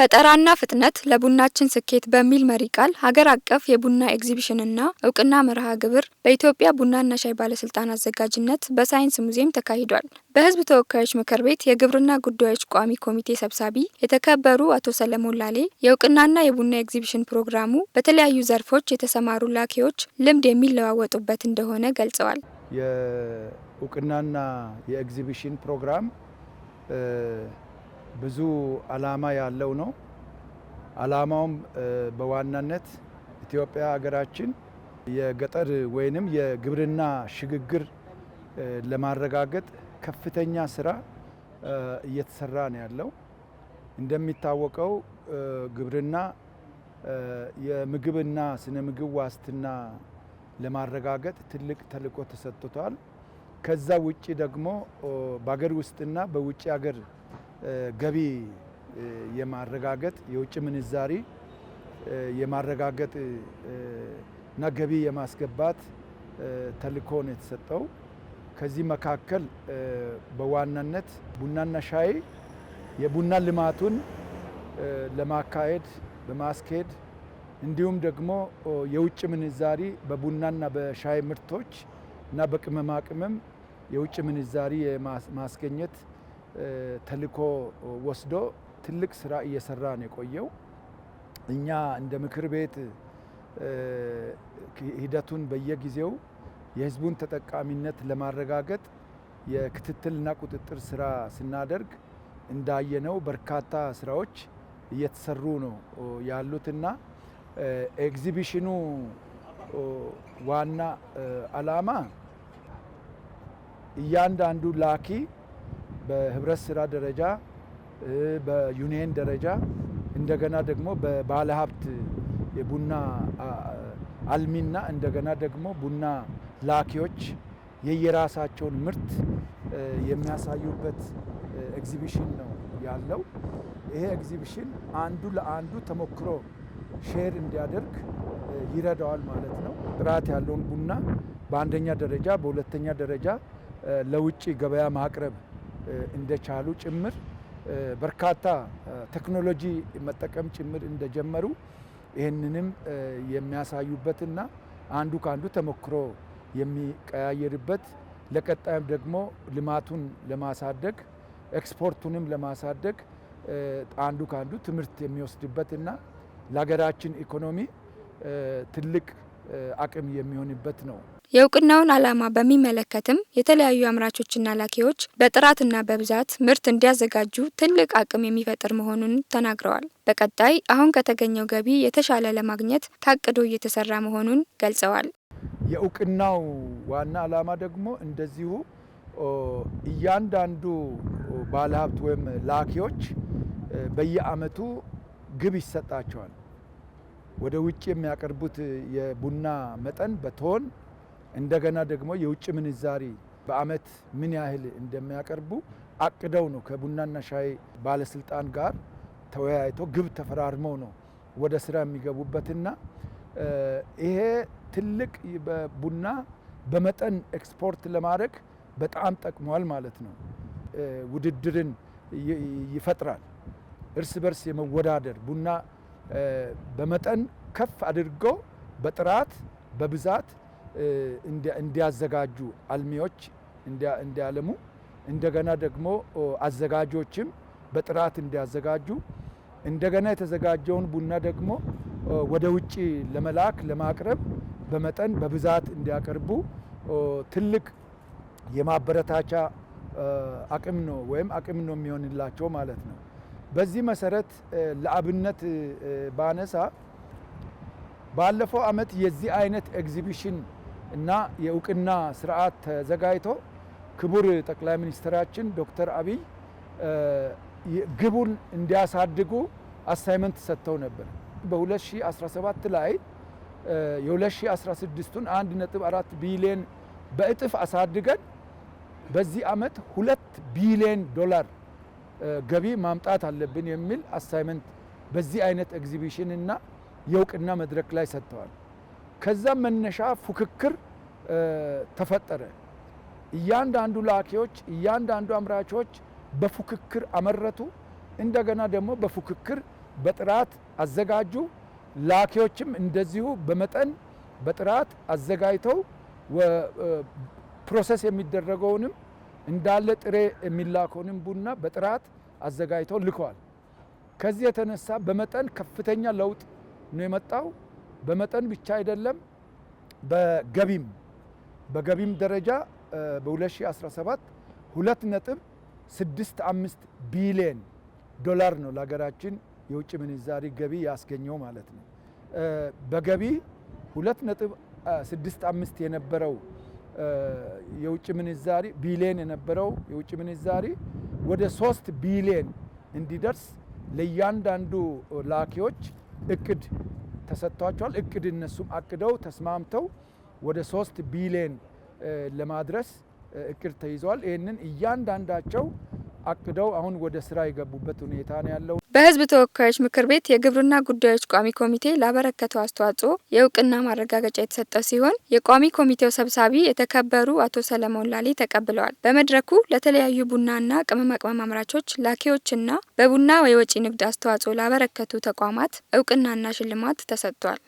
ፈጠራና ፍጥነት ለቡናችን ስኬት በሚል መሪ ቃል ሀገር አቀፍ የቡና ኤግዚቢሽንና እውቅና መርሃ ግብር በኢትዮጵያ ቡናና ሻይ ባለስልጣን አዘጋጅነት በሳይንስ ሙዚየም ተካሂዷል። በሕዝብ ተወካዮች ምክር ቤት የግብርና ጉዳዮች ቋሚ ኮሚቴ ሰብሳቢ የተከበሩ አቶ ሰለሞን ላሌ የእውቅናና የቡና ኤግዚቢሽን ፕሮግራሙ በተለያዩ ዘርፎች የተሰማሩ ላኪዎች ልምድ የሚለዋወጡበት እንደሆነ ገልጸዋል። የእውቅናና የኤግዚቢሽን ፕሮግራም ብዙ አላማ ያለው ነው። አላማውም በዋናነት ኢትዮጵያ ሀገራችን የገጠር ወይንም የግብርና ሽግግር ለማረጋገጥ ከፍተኛ ስራ እየተሰራ ነው ያለው። እንደሚታወቀው ግብርና የምግብና ስነ ምግብ ዋስትና ለማረጋገጥ ትልቅ ተልዕኮ ተሰጥቷል። ከዛ ውጭ ደግሞ በሀገር ውስጥና በውጭ ሀገር ገቢ የማረጋገጥ የውጭ ምንዛሪ የማረጋገጥ እና ገቢ የማስገባት ተልእኮ ነው የተሰጠው። ከዚህ መካከል በዋናነት ቡናና ሻይ የቡና ልማቱን ለማካሄድ በማስኬድ እንዲሁም ደግሞ የውጭ ምንዛሪ በቡናና በሻይ ምርቶች እና በቅመማ ቅመም የውጭ ምንዛሪ ማስገኘት ተልዕኮ ወስዶ ትልቅ ስራ እየሰራ ነው የቆየው። እኛ እንደ ምክር ቤት ሂደቱን በየጊዜው የህዝቡን ተጠቃሚነት ለማረጋገጥ የክትትልና ቁጥጥር ስራ ስናደርግ እንዳየነው በርካታ ስራዎች እየተሰሩ ነው ያሉትና ኤግዚቢሽኑ ዋና አላማ እያንዳንዱ ላኪ በህብረት ስራ ደረጃ፣ በዩኒየን ደረጃ እንደገና ደግሞ በባለ ሀብት የቡና አልሚና እንደገና ደግሞ ቡና ላኪዎች የየራሳቸውን ምርት የሚያሳዩበት ኤግዚቢሽን ነው ያለው። ይሄ ኤግዚቢሽን አንዱ ለአንዱ ተሞክሮ ሼር እንዲያደርግ ይረዳዋል ማለት ነው። ጥራት ያለውን ቡና በአንደኛ ደረጃ፣ በሁለተኛ ደረጃ ለውጭ ገበያ ማቅረብ እንደቻሉ ጭምር በርካታ ቴክኖሎጂ መጠቀም ጭምር እንደጀመሩ ይህንንም የሚያሳዩበትና አንዱ ከአንዱ ተሞክሮ የሚቀያየርበት ለቀጣይም ደግሞ ልማቱን ለማሳደግ ኤክስፖርቱንም ለማሳደግ አንዱ ከአንዱ ትምህርት የሚወስድበትና ለሀገራችን ኢኮኖሚ ትልቅ አቅም የሚሆንበት ነው። የእውቅናውን ዓላማ በሚመለከትም የተለያዩ አምራቾችና ላኪዎች በጥራትና በብዛት ምርት እንዲያዘጋጁ ትልቅ አቅም የሚፈጥር መሆኑን ተናግረዋል። በቀጣይ አሁን ከተገኘው ገቢ የተሻለ ለማግኘት ታቅዶ እየተሰራ መሆኑን ገልጸዋል። የእውቅናው ዋና ዓላማ ደግሞ እንደዚሁ እያንዳንዱ ባለሀብት ወይም ላኪዎች በየዓመቱ ግብ ይሰጣቸዋል። ወደ ውጭ የሚያቀርቡት የቡና መጠን በቶን እንደገና ደግሞ የውጭ ምንዛሪ በአመት ምን ያህል እንደሚያቀርቡ አቅደው ነው ከቡናና ሻይ ባለስልጣን ጋር ተወያይቶ ግብ ተፈራርመው ነው ወደ ስራ የሚገቡበትና ይሄ ትልቅ ቡና በመጠን ኤክስፖርት ለማድረግ በጣም ጠቅሟል ማለት ነው። ውድድርን ይፈጥራል። እርስ በርስ የመወዳደር ቡና በመጠን ከፍ አድርጎ በጥራት በብዛት እንዲያዘጋጁ አልሚዎች እንዲያለሙ እንደገና ደግሞ አዘጋጆችም በጥራት እንዲያዘጋጁ እንደገና የተዘጋጀውን ቡና ደግሞ ወደ ውጭ ለመላክ ለማቅረብ በመጠን በብዛት እንዲያቀርቡ ትልቅ የማበረታቻ አቅም ነው ወይም አቅም ነው የሚሆንላቸው ማለት ነው። በዚህ መሰረት ለአብነት ባነሳ ባለፈው ዓመት የዚህ አይነት ኤግዚቢሽን እና የእውቅና ስርዓት ተዘጋጅቶ ክቡር ጠቅላይ ሚኒስትራችን ዶክተር አብይ ግቡን እንዲያሳድጉ አሳይመንት ሰጥተው ነበር። በ2017 ላይ የ2016ቱን 1.4 ቢሊዮን በእጥፍ አሳድገን በዚህ ዓመት ሁለት ቢሊዮን ዶላር ገቢ ማምጣት አለብን የሚል አሳይመንት በዚህ አይነት ኤግዚቢሽን እና የእውቅና መድረክ ላይ ሰጥተዋል። ከዛም መነሻ ፉክክር ተፈጠረ። እያንዳንዱ ላኪዎች፣ እያንዳንዱ አምራቾች በፉክክር አመረቱ። እንደገና ደግሞ በፉክክር በጥራት አዘጋጁ። ላኪዎችም እንደዚሁ በመጠን በጥራት አዘጋጅተው ፕሮሰስ የሚደረገውንም እንዳለ ጥሬ የሚላከውንም ቡና በጥራት አዘጋጅተው ልከዋል። ከዚህ የተነሳ በመጠን ከፍተኛ ለውጥ ነው የመጣው። በመጠን ብቻ አይደለም በገቢም በገቢም ደረጃ በ2017 ሁለት ነጥብ ስድስት አምስት ቢሊየን ዶላር ነው ለሀገራችን የውጭ ምንዛሪ ገቢ ያስገኘው ማለት ነው። በገቢ ሁለት ነጥብ ስድስት አምስት የነበረው የውጭ ምንዛሪ ቢሊየን የነበረው የውጭ ምንዛሪ ወደ ሶስት ቢሊየን እንዲደርስ ለእያንዳንዱ ላኪዎች እቅድ ተሰጥቷቸዋል። እቅድ እነሱም አቅደው ተስማምተው ወደ ሶስት ቢሊየን ለማድረስ እቅድ ተይዘዋል። ይህንን እያንዳንዳቸው አቅደው አሁን ወደ ስራ የገቡበት ሁኔታ ነው ያለው። በሕዝብ ተወካዮች ምክር ቤት የግብርና ጉዳዮች ቋሚ ኮሚቴ ላበረከተው አስተዋጽኦ የእውቅና ማረጋገጫ የተሰጠው ሲሆን የቋሚ ኮሚቴው ሰብሳቢ የተከበሩ አቶ ሰለሞን ላሌ ተቀብለዋል። በመድረኩ ለተለያዩ ቡናና ቅመማ ቅመም አምራቾች፣ ላኪዎችና በቡና የወጪ ንግድ አስተዋጽኦ ላበረከቱ ተቋማት እውቅናና ሽልማት ተሰጥቷል።